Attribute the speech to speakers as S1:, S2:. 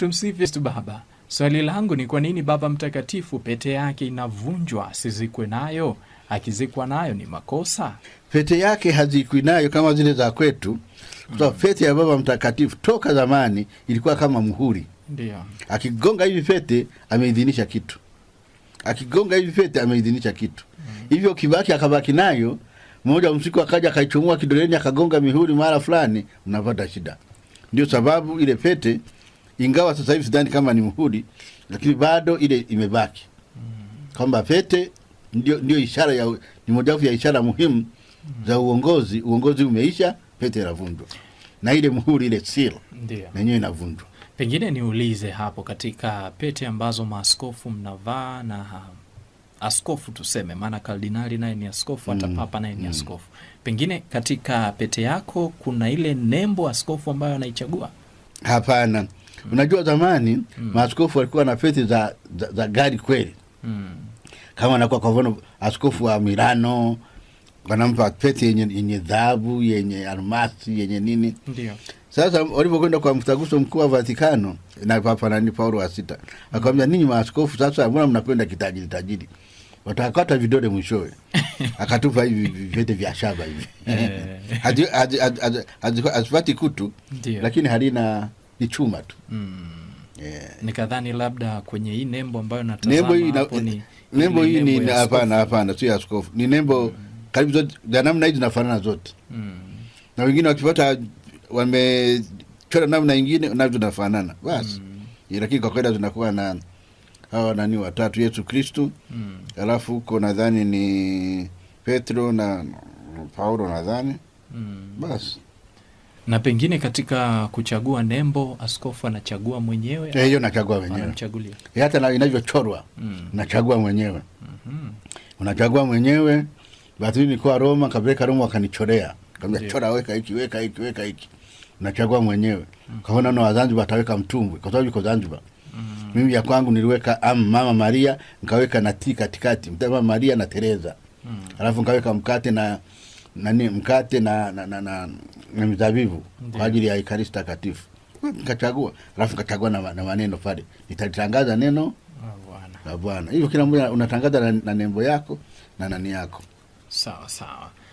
S1: Tumsifu Yesu Baba. Swali langu ni kwa nini Baba Mtakatifu pete yake inavunjwa asizikwe nayo? Akizikwa nayo ni makosa?
S2: Pete yake hazikwi nayo kama zile za kwetu, kwa sababu hmm. pete ya Baba Mtakatifu toka zamani ilikuwa kama muhuri. Ndio. Akigonga hivi pete ameidhinisha kitu, akigonga hivi pete ameidhinisha kitu. Hmm. Hivyo kibaki akabaki nayo, mmoja msiku akaja akaichomua kidoleni akagonga mihuri mara fulani, mnapata shida. Ndio sababu ile pete ingawa sasa hivi sidhani kama ni muhuri, lakini bado ile imebaki kwamba pete ndio, ndio ishara ya, ni mojawapo ya ishara muhimu za uongozi. Uongozi umeisha, pete inavunjwa na ile muhuri ile seal yenyewe inavunjwa.
S1: Pengine niulize hapo, katika pete ambazo maaskofu mnavaa na askofu tuseme, maana kardinali naye ni askofu, hata mm. papa naye ni mm. askofu, pengine katika pete yako kuna ile nembo askofu ambayo anaichagua?
S2: Hapana. Unajua zamani mm. maaskofu walikuwa na peti za, za, za gari kweli mm. kama anakuwa kwa mfano askofu wa mirano wanampa peti yenye, dhahabu yenye almasi yenye nini. Ndio. Sasa walipokwenda kwa mtaguso mkuu wa Vatikano na Papa nani Paulo wa sita akawambia ninyi maaskofu sasa, mbona mnakwenda kitajiri tajiri watakata vidole mwishowe. Akatupa hivi vete vya shaba hivi eh. hazipati kutu, lakini halina ni chuma tu mm.
S1: Yeah. Nikadhani labda kwenye hii nembo ambayo ni
S2: nembo hii ni hapana, hapana, sio ya askofu, ni nembo mm. karibu zote za namna hii zinafanana zote mm. na wengine wakipata wamechora namna ingine nao zinafanana basi mm. lakini kwa kawaida zinakuwa na hawa nani watatu, Yesu Kristu mm. alafu huko nadhani ni Petro na Paulo nadhani mm. basi
S1: na pengine katika kuchagua nembo askofu anachagua mwenyewe
S2: eh, hiyo, yeah, nachagua mwenyewe eh, hata na inavyochorwa mm. nachagua mwenyewe mm -hmm. unachagua mwenyewe basi. Nilikuwa Roma, kapeleka Roma wakanichorea, kaambia chora, weka hiki, weka hiki, weka hiki, nachagua mwenyewe mm. kaona na wazanziba ataweka mtumbwi kwa sababu iko zanziba mm. hmm mimi ya kwangu niliweka am Mama Maria, nkaweka na ti katikati, Mama Maria na tereza mm. hmm alafu nkaweka mkate na nani mkate na na, na, na, na mizabibu kwa ajili ya Ekaristi takatifu. Nikachagua alafu nikachagua na, na maneno pale, nitalitangaza neno ah, la Bwana. Hivyo kila mmoja unatangaza na, na nembo yako na nani yako.
S1: Sawa sawa.